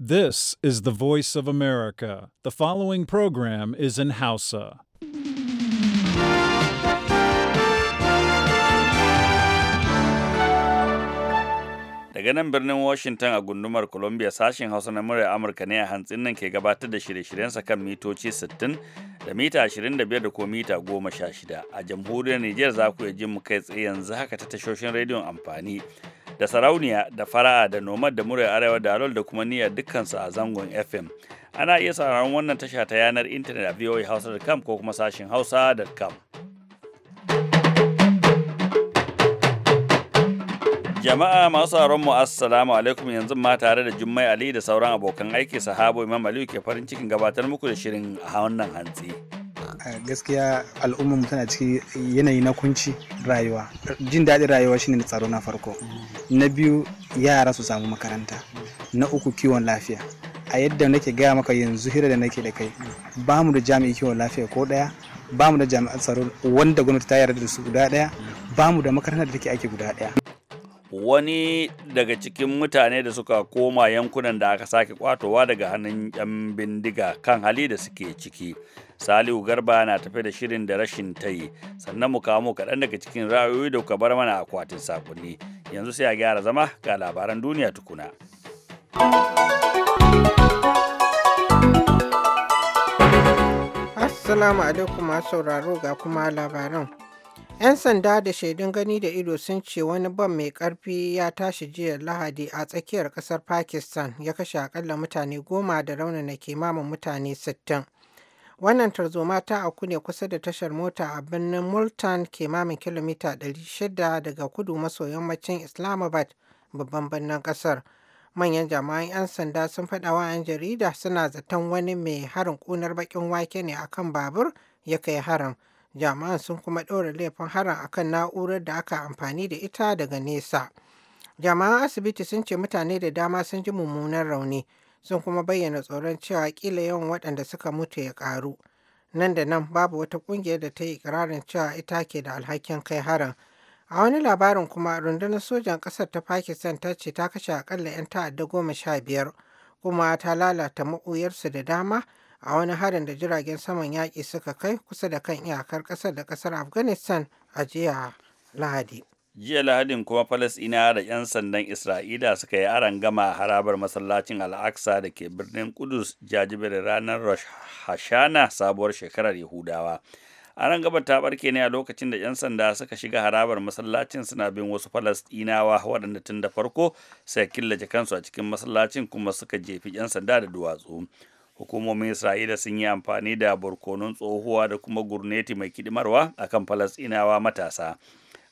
This is the voice of America. The following program is in Hausa. Daga nan birnin Washington a gundumar Columbia sashen Hausa na murya Amurka ne a hantsin nan ke gabatar da shirye-shiryensa kan mitoci 60 da mita 25 da ko mita 16. A jamhuriyar Nijar za ku iya jin mu kai tsaye yanzu haka ta tashoshin rediyon amfani. da sarauniya da fara'a da nomad da muryar arewa da alol da kuma niyyar dukkansu a zangon fm ana iya sauraron wannan tasha ta yanar intanet a voahausa.com ko kuma sashin hausa.com jama'a masu sauraron mu assalamu alaikum yanzu ma tare da jummai ali da sauran abokan aiki sahabo imam aliyu ke farin cikin gabatar muku da shirin a wannan hantsi. gaskiya al'ummar mu tana ciki yanayi na kunci rayuwa jin daɗin rayuwa shine na tsaro na farko na biyu yara su samu makaranta na uku kiwon lafiya a yadda nake gaya maka yanzu hira da nake da kai ba mu da jami'i kiwon lafiya ko ɗaya ba mu da jami'an tsaro wanda gwamnati ta yarda da su guda ɗaya ba mu da makarantar da take ake guda ɗaya wani daga cikin mutane da suka koma yankunan da aka sake kwatowa daga hannun 'yan bindiga kan hali da suke ciki salihu garba na tafe da shirin da rashin tayi sannan mu kamo kaɗan daga cikin ra'ayoyi da kuka bar mana akwatin sakonni yanzu sai a gyara zama ga labaran duniya tukuna assalamu alaikum masu sauraro ga kuma labaran 'Yan sanda da shaidun gani da ido sun ce wani bam mai karfi ya tashi jiya Lahadi a tsakiyar kasar Pakistan ya kashe akalla mutane goma da raunana kimamin mutane sittin. Wannan tarzoma ta auku ne kusa da tashar mota a birnin Multan kimamin kilomita 600 daga kudu maso yammacin Islamabad babban birnin kasar. Manyan jama'an 'yan sanda sun faɗa wa 'yan jarida suna zaton wani mai harin ƙunar baƙin wake ne akan babur ya kai harin. jami'an sun kuma ɗora laifin harin akan na'urar da aka amfani da ita daga nesa jami'an asibiti sun ce mutane da dama sun ji mummunan rauni sun kuma bayyana tsoron cewa kila yawan waɗanda suka mutu ya ƙaru nan da nan babu wata ƙungiyar da ta yi ikirarin cewa ita ke da alhakin kai harin a wani labarin kuma rundunar sojan ƙasar ta pakistan ta ce ta kashe akalla 'yan ta'adda goma sha biyar kuma ta lalata ma'uyarsu da dama a wani harin da jiragen saman yaƙi suka kai kusa da kan iyakar ƙasar da ƙasar afghanistan a jiya lahadi jiya lahadin kuma falasɗina da 'yan sandan isra'ila suka yi aron gama a harabar masallacin al'aksa da ke birnin kudus jajibar ranar rosh hashana sabuwar shekarar yahudawa aron gaba ta barke ne a lokacin da 'yan sanda suka shiga harabar masallacin suna bin wasu falasɗinawa waɗanda tun da farko sai killace kansu a cikin masallacin kuma suka jefi 'yan sanda da duwatsu hukumomin isra'ila sun yi amfani da barkonon tsohuwa da kuma gurneti mai kidimarwa a kan falasɗinawa matasa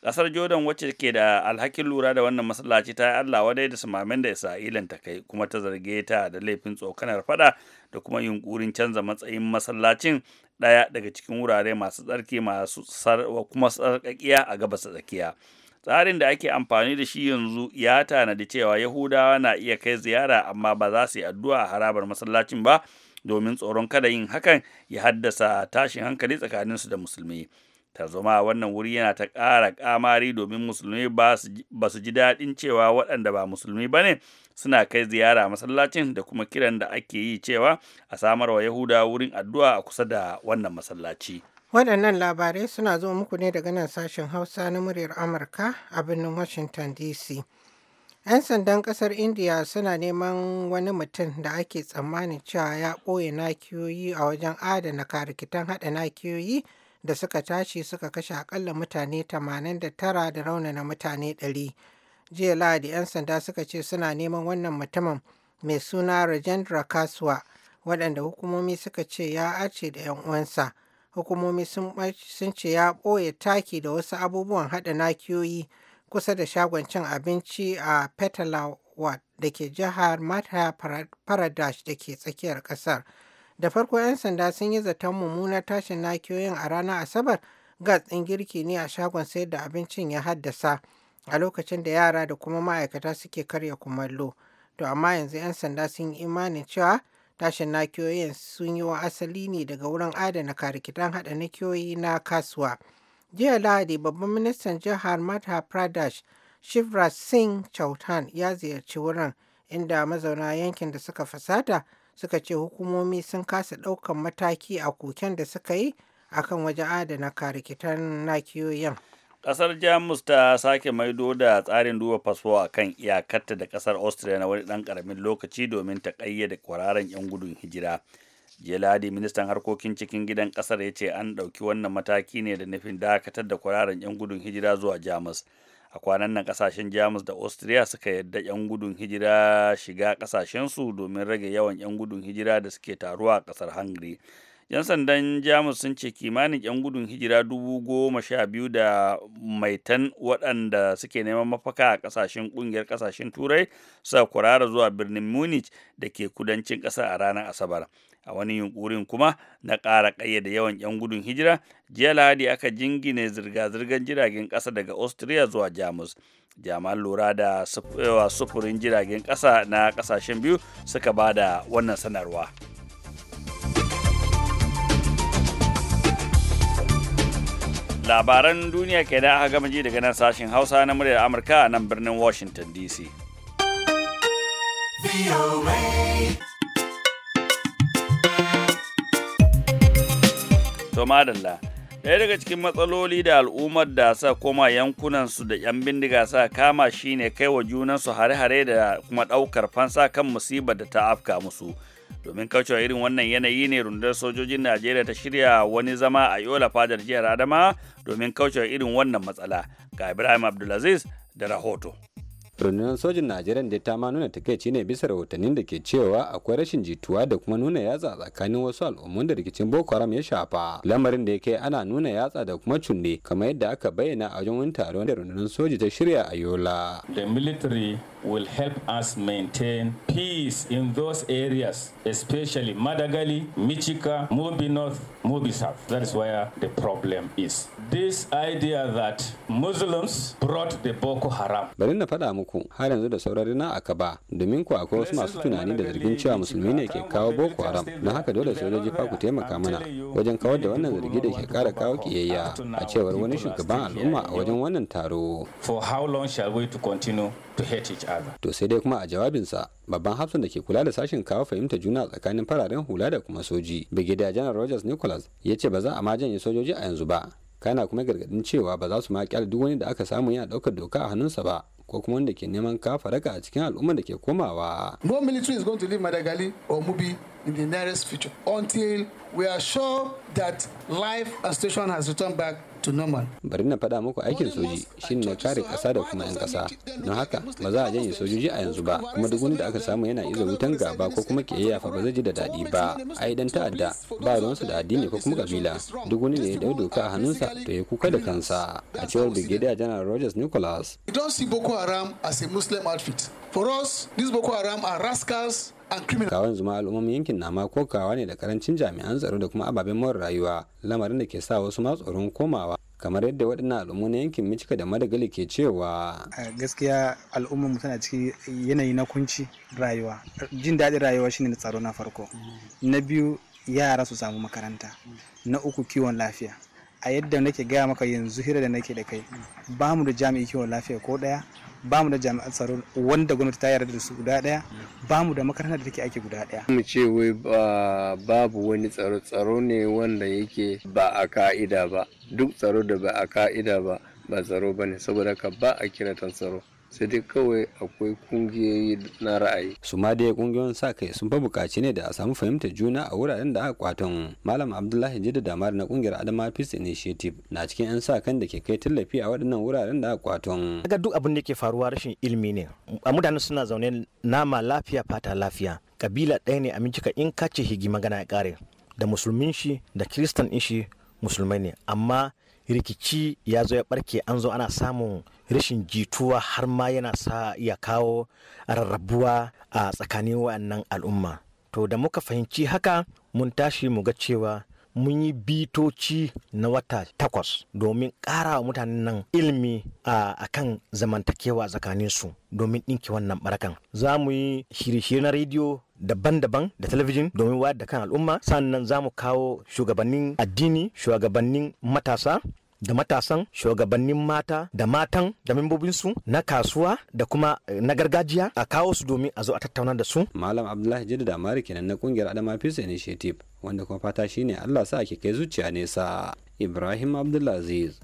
ƙasar jordan wacce ke da alhakin lura da wannan masallaci ta yi allah wadai da samamen da isra'ilan ta kai kuma ta zarge ta da laifin tsokanar fada da kuma yunkurin canza matsayin masallacin ɗaya daga cikin wurare masu tsarki masu kuma tsarkakiya a gabas tsakiya tsarin da ake amfani da shi yanzu ya tanadi cewa yahudawa na iya kai ziyara amma ba za su yi addu'a a harabar masallacin ba domin tsoron kada yin hakan ya haddasa tashin hankali tsakaninsu da musulmi Ta zama wannan wuri yana ta ƙara ƙamari domin musulmi ba su ji daɗin cewa waɗanda ba musulmi ba ne suna kai ziyara masallacin da kuma kiran da ake yi cewa a samarwa yahuda wurin addu'a a kusa da wannan masallaci Waɗannan labarai suna zuwa muku ne daga nan sashen Hausa na muryar Amurka a birnin Washington DC. 'Yan sandan ƙasar India suna neman wani mutum da ake tsammanin cewa ya ɓoye nakiyoyi a wajen adana karikitan haɗa nakiyoyi da suka tashi suka kashe akalla mutane 89 da raunana mutane 100. Jiya Lahadi 'yan sanda suka ce suna neman wannan mutumin mai suna Rajendra Kasuwa, waɗanda hukumomi suka ce ya ace da 'yan uwansa. hukumomi sun ce ya ɓoye taki da wasu abubuwan haɗa nakiyoyi kusa da shagon cin abinci a petalawat da ke jihar mata Pradesh da ke tsakiyar ƙasar. Da farko 'yan sanda sun yi zaton mummunar tashin nakiyoyin a ranar Asabar gas ɗin girki ne a shagon sayar da abincin ya haddasa a lokacin da yara da kuma ma'aikata suke karya kumallo. To amma yanzu 'yan sanda sun yi imanin cewa Tashin nakiyoyin sun yi wa asali ne daga wurin adana karikitan haɗa nakiyoyi na kasuwa. Jiya Lahadi, babban ministan jihar Madhya Pradesh, shivra Singh chautan ya ziyarci wurin inda mazauna yankin da suka fasata suka ce hukumomi sun kasa ɗaukan mataki a koken da suka yi akan waje adana karikitan nakiyoyin. Ƙasar Jamus ta sake maido da tsarin duba fasfo a kan iyakarta da ƙasar Austria na wani ɗan ƙaramin lokaci domin ta ƙayyade kwararan 'yan gudun hijira. jiya ministan harkokin cikin gidan ƙasar ya ce an ɗauki wannan mataki ne da nufin dakatar da kwararan 'yan gudun hijira zuwa Jamus. a kwanan nan kasashen jamus da austria suka yadda 'yan gudun hijira shiga kasashensu domin rage yawan 'yan gudun hijira da suke taruwa a ƙasar hungary 'yan sandan jamus sun ce kimanin 'yan gudun hijira dubu goma sha biyu da maitan waɗanda suke neman mafaka a ƙasashen ƙungiyar ƙasashen turai suka kurara zuwa birnin munich da ke kudancin ƙasa a ranar asabar a wani yunkurin kuma na ƙara ƙayyade yawan 'yan gudun hijira jiya lahadi aka jingine zirga-zirgar jiragen ƙasa daga austria zuwa jamus jami'an lura da eh, sufurin jiragen ƙasa na ƙasashen biyu suka ba da wannan sanarwa. labaran duniya ke da aka gama ji daga nan sashen hausa na muryar amurka a nan birnin washington dc to madalla ɗaya daga cikin matsaloli da al'ummar da sa koma yankunansu da 'yan bindiga sa kama shine kai wa junansu hare-hare da kuma ɗaukar fansa kan musibar da ta afka musu. domin kaucewa irin wannan yanayi ne rundunar sojojin najeriya ta shirya wani zama a yola fadar jihar adama domin kaucewa irin wannan matsala ga ibrahim abdulaziz da rahoto rundunar sojin najeriya da ta ma nuna takaici ne bisa rahotannin da ke cewa akwai rashin jituwa da kuma nuna yatsa tsakanin wasu al'ummun da rikicin boko haram ya shafa lamarin da ya kai ana nuna yatsa da kuma cunne kamar yadda aka bayyana a wajen wani taron da rundunar soji ta shirya a yola the military will help us maintain peace in those areas, especially Madagali, Michika, mubi North, Mobi South. That is where the problem is. This idea that Muslims brought the Boko Haram. Bari na faɗa muku har yanzu da saurari na aka ba domin ku akwai wasu masu tunani da zargin cewa musulmi ne ke kawo Boko Haram don haka dole sojoji fa ku taimaka mana wajen kawar da wannan zargi da ke kara kawo kiyayya a cewar wani shugaban al'umma a wajen wannan taro. For how long shall we to continue to hate each other. To sai dai kuma a jawabinsa babban hafsan da ke kula da sashen kawo fahimta juna tsakanin fararen hula da kuma soji. Brigadier General Rogers Nicholas ya ce ba za a ma janye sojoji a yanzu ba. Kana kuma gargadin cewa ba za su ma kyale duk wani da aka samu yana daukar doka a hannunsa ba ko kuma wanda ke neman kafa raka a cikin al'ummar da ke komawa. No military is going to leave Madagali or Mubi in the nearest future until we are sure that life and station has returned back to bari na faɗa muku aikin soji shi na kare ƙasa da kuma 'yan ƙasa don haka ba za a janye sojoji a yanzu ba kuma duk da aka samu yana iza wutan gaba ko kuma kiyayya fa ba zai ji da daɗi ba ai dan ta'adda ba ruwansu da addini ko kuma kabila duk wani da ya dau doka a hannunsa to ya kuka da kansa a cewar brigadier general rogers nicholas you don't see boko haram as a muslim outfit for us these boko haram are rascals kawan zuma al'ummomi yankin na ma kokawa ne da karancin jami'an tsaro da kuma ababen more rayuwa lamarin da ke sa wasu ma tsoron komawa kamar yadda waɗannan al'ummu na yankin micika da Madagali ke cewa. Gaskiya al'ummar mu tana cikin yanayi na kunci rayuwa. Jin daɗin rayuwa shine tsaro na farko. Mm. Na biyu yara su samu makaranta. Na uku kiwon lafiya. a yadda nake gaya maka yanzu hira da nake da kai ba mu da jami'i kiwon lafiya ko daya ba mu da jami'an tsaro wanda gwamnati ta yarda da su guda daya ba mu da makarantar da take ake guda daya mu ce wai babu wani tsaro tsaro ne wanda yake ba a ka'ida ba duk tsaro da ba a ka'ida ba ba tsaro bane saboda ka ba a kiratan tsaro sai dai kawai akwai kungiyoyi na ra'ayi. su ma dai kungiyoyin sa kai sun fa bukaci ne da a samu fahimtar juna a wuraren da aka kwaton malam abdullahi jida damar na kungiyar adama peace initiative na cikin yan sa kan da ke kai tallafi a waɗannan wuraren da aka kwaton. daga duk abin da ke faruwa rashin ilimi ne a mutane suna zaune nama lafiya fata lafiya kabila ɗaya ne a ka in kace higi magana ya kare da musulmin shi da kiristan shi musulmai ne amma rikici ya zo ya barke an zo ana samun rashin jituwa har ma yana sa ya kawo rarrabuwa a tsakanin wa'annan al'umma to da muka fahimci haka mun tashi mu ga cewa mun yi bitoci na wata takwas domin ƙara wa mutanen nan ilimi a kan zamantakewa tsakaninsu domin ɗinki wannan barakan za mu yi shirye-shirye na rediyo daban-daban da talabijin domin wayar da kan al'umma sannan za mu kawo shugabannin addini shugabannin matasa da matasan shugabannin mata da matan da membobinsu na kasuwa da kuma eh, na gargajiya a kawo su domin a zo a tattauna da su. Malam Abdullahi Jidda da mari kenan na kungiyar Adama Peace Initiative wanda kuma fata shine Allah sa ake kai zuciya nesa. Ibrahim Abdulaziz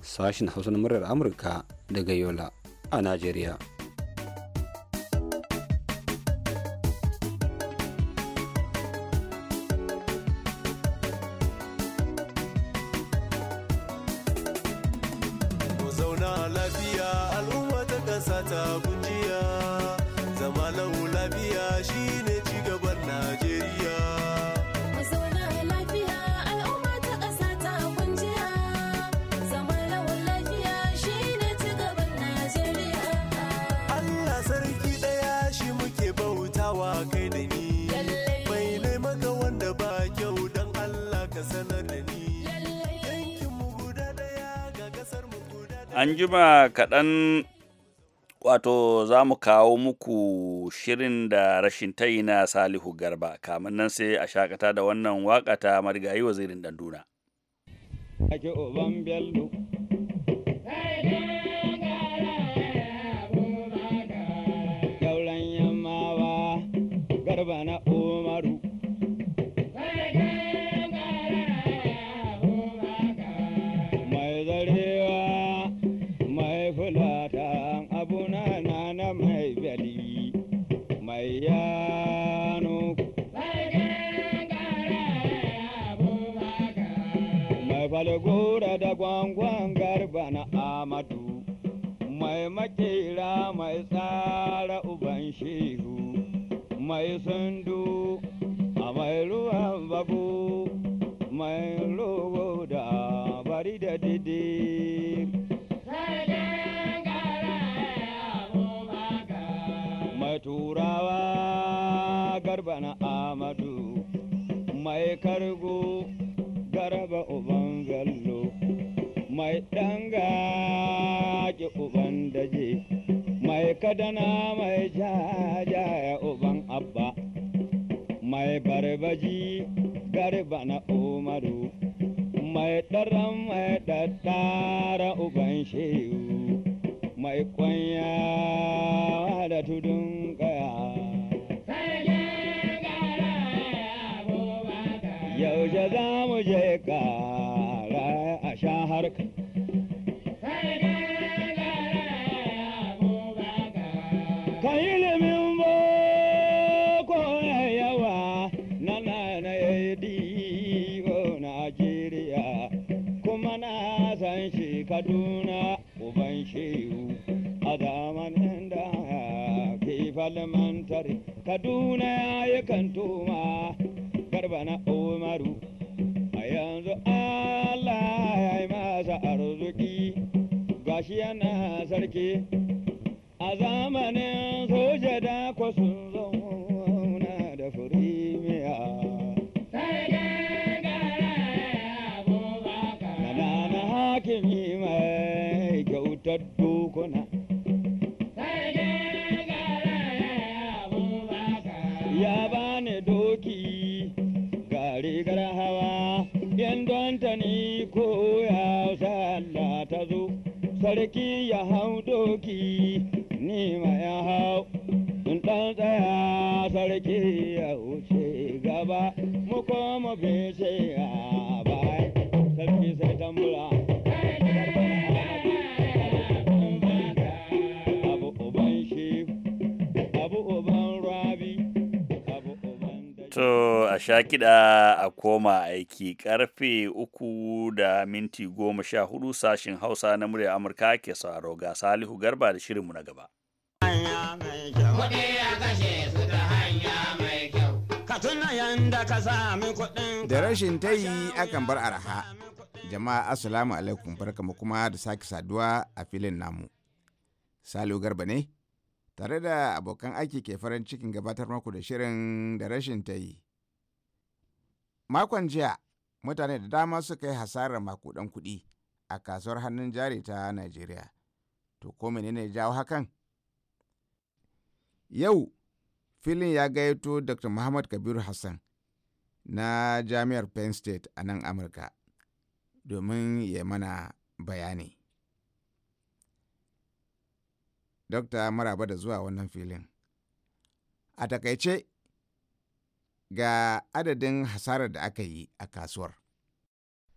sashin Hausa na muryar Amurka daga Yola a nigeria. an jima kaɗan wato za mu kawo muku shirin da rashin tayi na salihu garba kamun nan sai a shakata da wannan waka ta marigayi wazirin danduna ake oban bello garba na mai kadana mai jajaya uban abba mai barbaji garba na umaru mai ɗaran mai dattara uban shehu mai kwanya da tudun kaya yaushe za mu je kara a sha kaduna ya kan tuma garba na umaru a yanzu allah ya yi masa arziki gashi yana sarki a zamanin ki ya hau doki ni ma ya hau in ɗan tsaya sarki ya wuce gaba mu koma bece a bai sarki sai tambura To a sha kiɗa a koma aiki karfe uku da minti goma sha hudu sashin hausa na murya amurka ke sauraro ga salihu garba da shirinmu na gaba da rashin ta tayi akan bar araha jama'a asalamu alaikum barkamu kuma da sake saduwa a filin namu salihu garba ne tare da abokan aiki ke farin cikin gabatar maku da shirin da rashin ta yi Makon jiya, mutane da dama suka yi hasarar makudan kuɗi a kasuwar hannun jari ta Najeriya. To ko menene jawo hakan? Yau, filin ya gayyato Dr. Muhammad Kabiru Hassan na Jami'ar Penn State a nan Amurka domin ya mana bayani. Dokta maraba da zuwa wannan filin. A takaice, ga adadin hasarar da aka yi a kasuwar.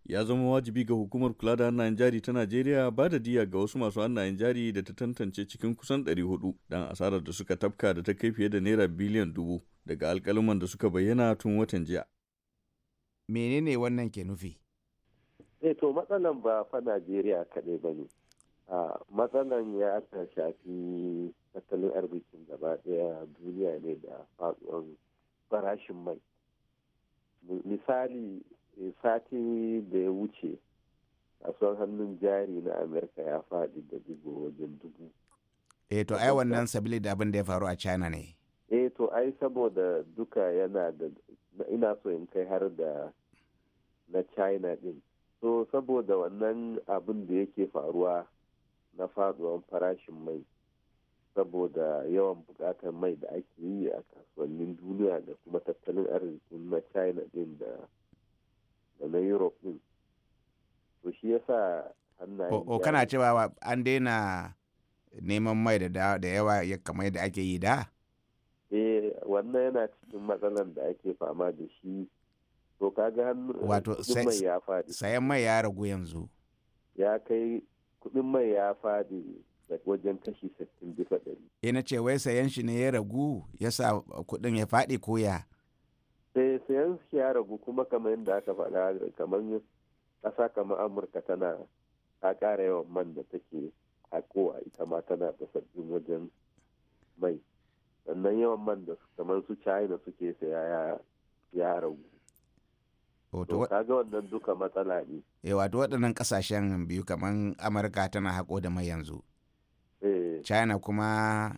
ya zama wajibi ga hukumar kula da hannayen jari ta Najeriya ba da diya ga wasu masu hannayen jari da ta tantance cikin kusan 400 don asarar da suka tafka da ta kai fiye da naira biliyan dubu daga alkaluman da suka bayyana tun watan jiya. Menene wannan ke nufi? Eh to matsalan ba fa Najeriya kaɗai ba ne. Matsalan ya ta shafi tattalin arzikin gaba ɗaya duniya ne da faɗuwar farashin mai misali eh, sati da ya wuce kasuwar hannun jari na amerika ya faɗi da digo wajen dubu eh to ai wannan sabili da abin da ya faru a china ne eh to ai saboda duka yana da ina so in kai har da na china din so saboda wannan abin da yake faruwa na faduwan farashin mai saboda yawan bukatar mai da ake yi a kasuwannin duniya da kuma tattalin arzikin na china din da na europe din to shi yasa hannayen o kana cewa an daina neman mai da yawa ya kamar da ake yi da eh wannan yana cikin matsalar da ake fama da shi to kaga hannu eh, wato sayan mai ya ragu yanzu ya kai kudin mai ya fadi wajen kashi 60 bisa ɗari. E na ce wai sayan shi ne ya ragu ya sa kuɗin ya faɗi ko ya? Sai eh, sayan shi ya ragu kuma kamar yadda aka faɗa kamar ƙasa kamar Amurka tana ta ƙara yawan man da take haƙowa ita ma tana da sabbin wajen mai. Sannan yawan man da kamar su China suke saya ya ragu. wato kaga wannan duka matsala ne Yawa eh, to waɗannan ƙasashen biyu kamar amurka tana haƙo da mai yanzu Eh. china kuma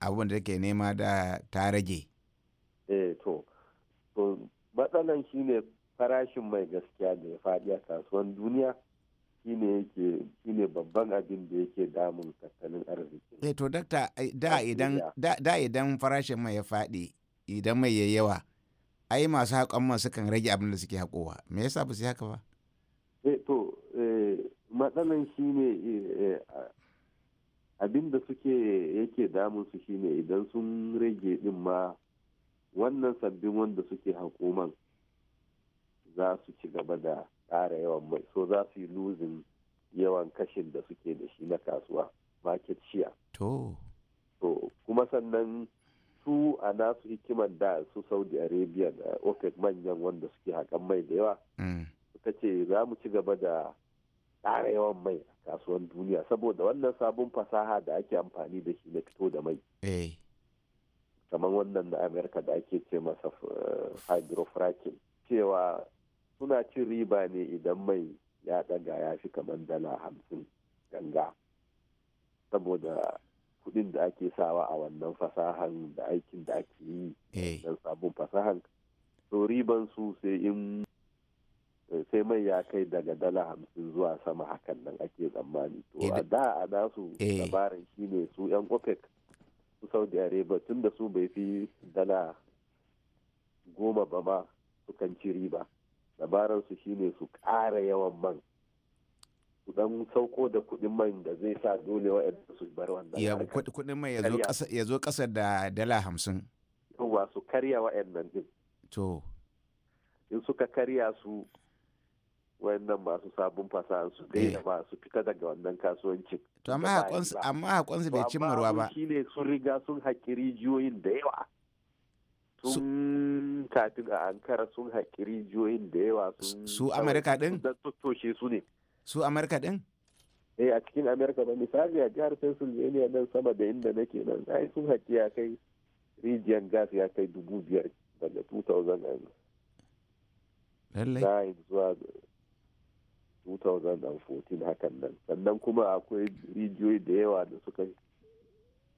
abubuwan da take nema da ta rage eh to to matsalan shine farashin mai gaskiya da ya faɗi a kasuwan duniya shine yake shine babban abin da yake damun tattalin arziki eh to dakta da idan farashin mai ya faɗi idan mai yayi yawa ai masu haƙon man sukan rage abin da suke haƙowa me yasa ba su haka ba eh to eh, matsalan shine eh, abin da suke yake damun su shine idan sun rage din ma wannan sabbin wanda suke hakuman za su ci gaba da ƙara yawan mai so za su yi luzin yawan kashin da suke da shi na kasuwa market share to to kuma sannan su a nasu hikimar da su saudi arabia da opec manyan wanda suke haƙan mai da yawa mm. suka ce za mu ci gaba da ƙara yawan mai a kasuwan duniya saboda wannan sabon fasaha da ake amfani da shi na fito da mai eh. kamar wannan na amerika da ake ce masa eh, hydrofracking cewa suna cin riba ne idan mai ya daga ya fi kamar dala hamsin ganga saboda kudin da ake sawa a wannan fasahan da aikin da ake yi don eh. sabon fasahan to riban su sai in Eh, sai mai ya kai daga dala hamsin zuwa sama hakan nan ake tsammani to eh, a da a nasu eh. labarin shine su yan opec su saudi arabia tun da su bai fi dala goma ba ma kan ci riba labaran su shine su ƙara yawan man su dan sauko da kuɗin man da zai sa dole wa'anda su bar wannan kuɗin mai ya zo ƙasa da dala hamsin yawa su karya wa'annan to in suka karya su wayannan masu sabon fasaha su eh. daina ba su fita daga wannan kasuwancin. To amma su amma su bai cimma ruwa ba. Shi ne sun riga sun haƙi rijiyoyin da yawa. Sun kafin a Ankara sun haƙi rijiyoyin da yawa sun. Su Amurka din? Sun tattoshe su ne. Su Amurka din? Eh a cikin Amurka ba misali a jihar Pennsylvania nan sama da inda nake nan ai sun haƙi ya kai rijiyan gas ya kai dubu biyar daga 2000 lallai zuwa 2014 hakan nan sannan kuma akwai rijiyoyi da yawa da suka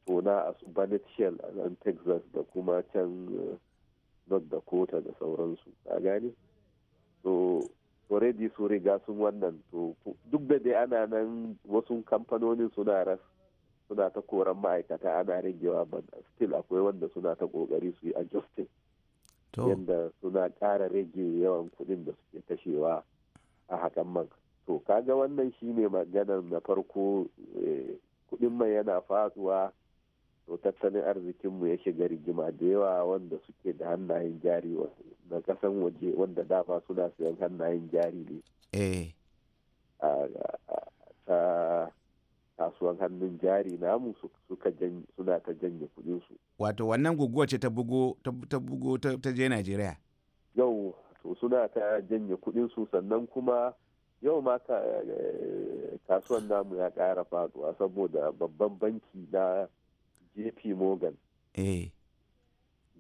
tona a su Barnett Shell a nan Texas da kuma can uh, North Dakota da sauransu a gane so already su riga sun wannan to duk da dai ana nan wasu kamfanonin suna ras suna ta koran ma'aikata ana ragewa ba still akwai wanda suna ta kokari su yi adjusting yadda suna ƙara rage yawan kuɗin da suke kashewa a hakan man to kaga wannan shine maganar na farko eh, kudin mai yana faduwa to tattalin arzikinmu ya shiga rigima da yawa wanda suke da hannayen jari na kasan waje wanda dafa suna sayan hannayen jari ne eh. a kasuwan hannun jari namu suka suna ta janye kudinsu wato wannan guguwa ce ta bugo ta bugo ta je najeriya yau to suna ta janye kudinsu sannan kuma yau ma eh, kasuwan namu ya ƙara faduwa saboda babban banki na jp morgan eh.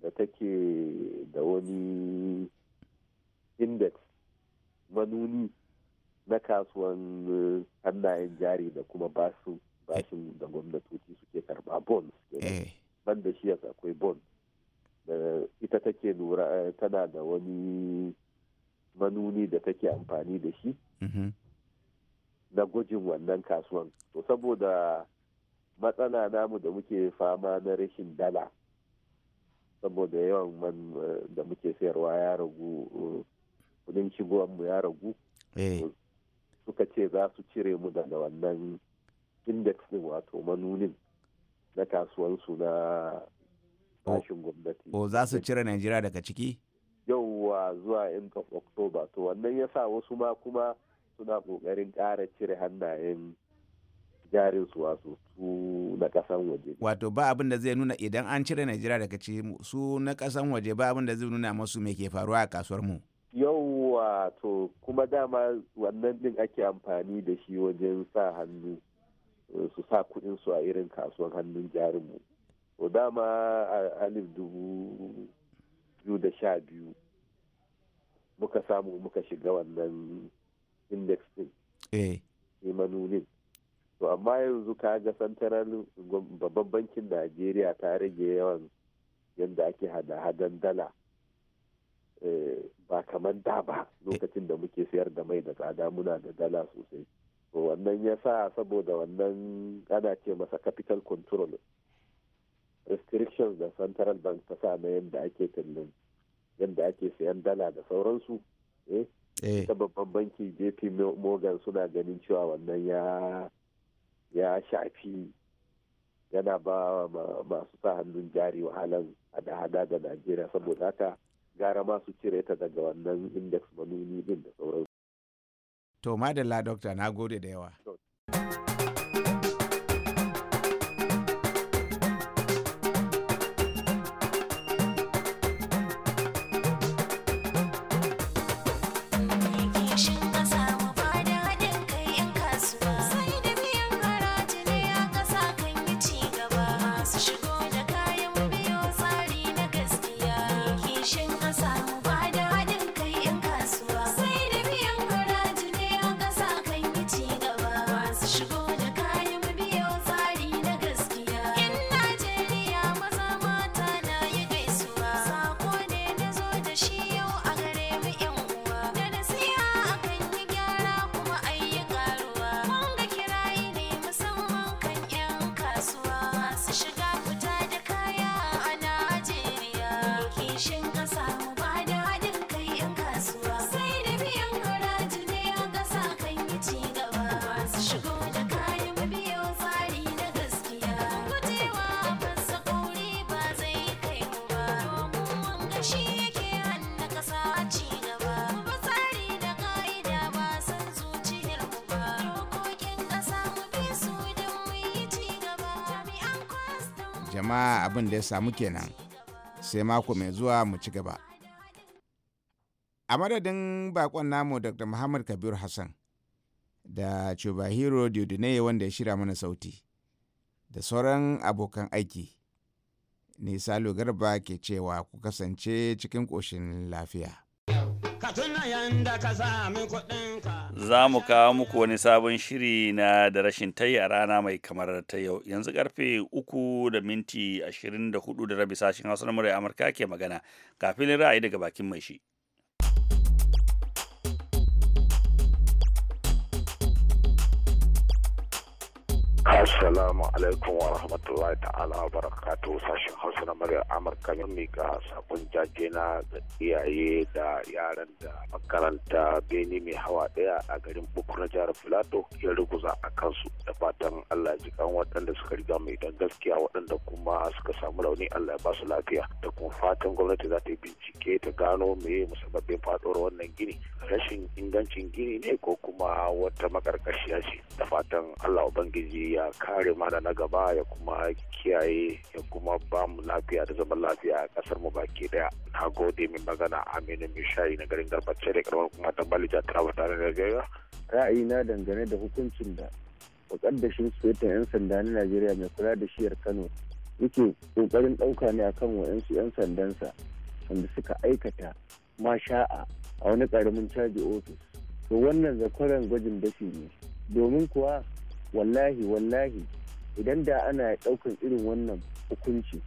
da take da wani index manuni na kasuwan eh, hannayen jari da kuma basu bashin da gwamnatoci suke karba bonds ban da shi akwai bonds ita take lura tana da wani manuni da take amfani da shi mm-hmm. na gujin wannan kasuwan to saboda matsala namu da muke fama na rashin dala saboda yawan man eh, da muke sayarwa ya ragu eh, kudin shigowanmu ya ragu eh. suka ce za su cire mu daga wannan index din wato manunin na kasuwansu na oh. bashin gwamnati. O oh, za su cire Najeriya daga ciki? yauwa zuwa in oktoba to wannan ya sa wasu ma kuma suna kokarin ƙara cire hannayen jarin su wasu su na kasan waje wato ba abin da zai nuna idan an cire najeriya daga ce su na kasan waje ba abin da zai nuna masu me ke faruwa a kasuwar mu yauwa to kuma dama wannan din ake amfani da shi wajen sa hannu su sa kuɗin su a irin kasuwar hannun jarin mu to dama a alif dubu biyu da sha biyu muka samu muka shiga wannan index din ne eh. manunin to amma yanzu ka ga santaral babban bankin najeriya ta rage yawan yadda ake hada-hadan dala eh, ba kamar da ba lokacin da muke sayar da mai da tsada muna da dala sosai to wannan ya sa saboda wannan ana ce masa capital control restrictions da central bank ta sa na yadda ake tallin yadda ake sayan dala da sauransu eh, eh. ta babban banki jp morgan suna ganin cewa wannan ya shafi yana ba masu sa hannun jari wahalan hada-hada da najeriya saboda haka gara masu cire ta daga wannan index manuni din da sauransu to madalla dokta na gode da yawa jama'a abin da ya samu kenan sai mako mai zuwa mu ci gaba a madadin bakon namu dr muhammad kabir hassan da chubahiro diodine wanda ya shirya mana sauti da sauran abokan aiki ne salo garba ke cewa ku kasance cikin koshin lafiya ka tuna yanda ka sami kuɗinka za mu kawo muku wani sabon shiri na da rashin tayi a rana mai kamar ta yau yanzu karfe uku da minti ashirin da hudu da rabi sashen hausa na murai amurka ke magana kafin ra'ayi daga bakin mai shi Assalamu alaikum wa rahmatullahi ta'ala wa barakatuhu sashen Hausa na muryar Amurka ya mika sakon jaje na ga iyaye da yaran da makaranta beni mai hawa daya a garin buku na jihar Filato ya ruguza a kansu da fatan Allah ji kan waɗanda suka riga mai dan gaskiya waɗanda kuma suka samu rauni Allah ya ba su lafiya da kuma fatan gwamnati za ta yi bincike ta gano meye musabbabin faɗuwar wannan gini rashin ingancin gini ne ko kuma wata makarkashiya ce da fatan Allah ubangiji ya kare mana na gaba ya kuma kiyaye ya kuma ba mu lafiya da zaman lafiya a kasar mu baki daya na gode min magana aminu mai shayi na garin garbace da karamar kuma ta balija na tare da ra'ayi na dangane da hukuncin da mukaddashin sufetan yan sanda na najeriya mai kula da shiyar kano yake kokarin dauka ne a kan wa'yansu yan sandansa wanda suka aikata sha'a a wani karamin caji ofis to wannan zakwaran gwajin dafi ne domin kuwa wallahi wallahi idan da ana ɗaukar irin wannan hukunci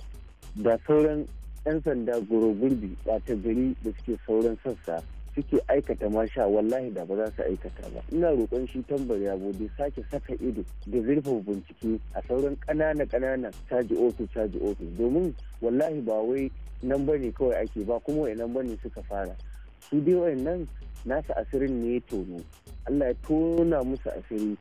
da sauran 'yan sanda goro gurbi ta gari da suke sauran sassa suke aikata masha wallahi da ba za su aikata ba ina roƙon shi tambaya yabo sake saka ido da zurfa bincike a sauran ƙanana ƙanana caji ofis caji ofis domin wallahi ba wai nan bane kawai ake ba kuma wai nan bane suka fara su dai wayannan nasa asirin ne ya tono Allah ya tona musu asiri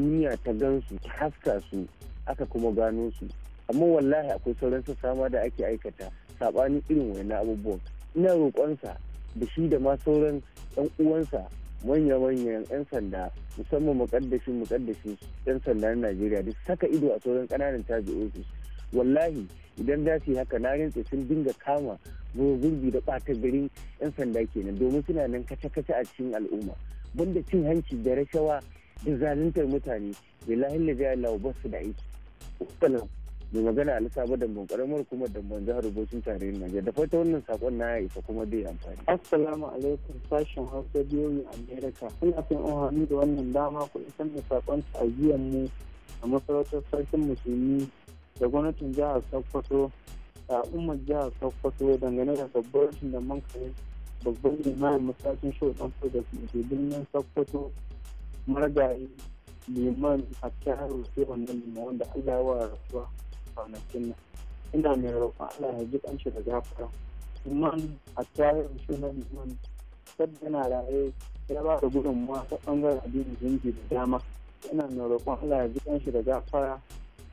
duniya ta gan su ta haska su aka kuma gano su amma wallahi akwai sauran sassa ma da ake aikata saɓanin irin wani abubuwan ina roƙonsa da shi da ma sauran yan uwansa manya-manyan 'yan sanda musamman mukaddashin mukaddashin 'yan sanda na najeriya da saka ido a sauran ƙananan caji ofis wallahi idan za su haka na rintse sun dinga kama zurbi da ɓata garin 'yan sanda kenan domin suna nan kace-kace a cikin al'umma banda cin hanci da rashawa zaluntar mutane billahi la ilaha illallah ba su da aiki wannan mai magana a ba da ban karamar kuma da ban jihar Bauchin tarayyar Najeriya da fata wannan sakon na isa kuma bai amfani. Assalamu alaikum sashen Hausa biyoyi america Ina son in hannu da wannan dama ku isan da sakon ajiyar mu a masarautar sarkin musulmi da gwamnatin jihar Sokoto a umar jihar Sokoto dangane da sabbin da man babban limanin masashin shodan da ke birnin Sokoto marigayi liman a kyaru sai wannan liman wanda Allah ya wa rasuwa kwanakin nan ina mai roƙon Allah ya ji kanshi da gafara liman a kyaru sai na liman sabbi yana raye ya ba da gudunmuwa ta ɓangaren addinin jinji da dama ina mai roƙon Allah ya ji kanshi da gafara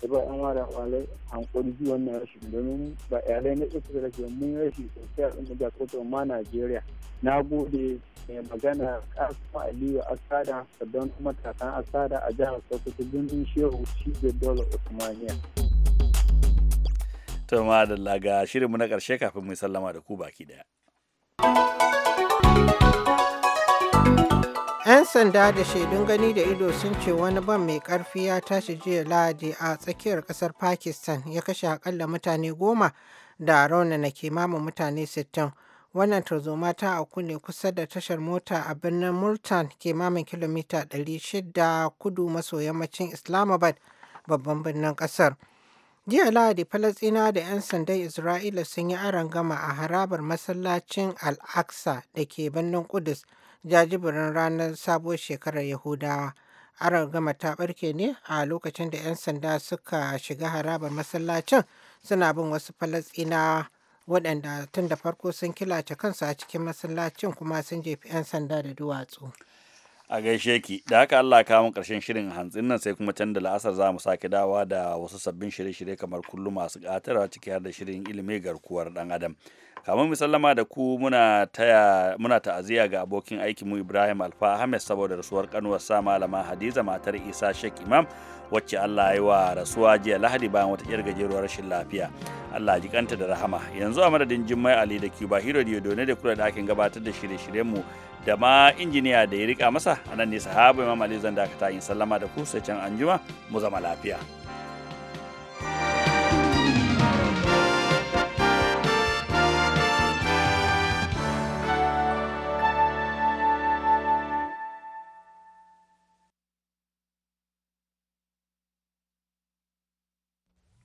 da ba yan wale kwalai hankali ji wannan rashin domin ba iyalai na tsoki da rashin mun rashi sosai a tsanin da kotu ma najeriya na gode mai magana kasuwa aliyu asada sabbin matakan asada a jihar sokoto gundun shehu cibiyar dole usmaniya. to ma da laga shirinmu na ƙarshe kafin mu sallama da ku baki ɗaya. sanda da shaidun gani da ido sun ce wani ban mai karfi ya tashi jiya lahadi a tsakiyar kasar pakistan ya kashe akalla mutane goma da raunana kimamin mutane 60 wannan tarzoma ta auku ne kusa da tashar mota a birnin multan kimamin kilomita 600 kudu maso yammacin islamabad babban birnin kasar jiya lahadi falastina da 'yan sandan isra'ila sun yi gama a harabar masallacin al-aqsa da ke birnin kudus jajibirin ranar sabuwar shekarar Yahudawa. Arar gama ta barke ne a lokacin da 'yan sanda suka shiga harabar masallacin suna bin wasu Falasɗinawa waɗanda tun da farko sun kilace kansu a cikin masallacin kuma sun jefi 'yan sanda da duwatsu. a gaishe ki da haka Allah kawo karshen shirin hantsin nan sai kuma can da la'asar za mu sake dawa da wasu sabbin shirye-shirye kamar kullum masu ƙatarwa ciki har da shirin ilimi garkuwar ɗan adam kamar mu sallama da ku muna taya muna ta'aziyya ga abokin aikinmu Ibrahim Alfa Ahmed saboda rasuwar kanuwar sa malama Hadiza matar Isa Sheikh Imam wacce Allah ya wa rasuwa jiya Lahadi bayan wata yar gajeruwar rashin lafiya Allah ji kanta da rahama yanzu a madadin Jummai Ali da Cuba Hero Diodone da kula da akin gabatar da shirye-shiryen mu da ma injiniya da ya rika masa anan ne sahaba Imam Ali zan dakata yin sallama da ku sai can anjima mu zama lafiya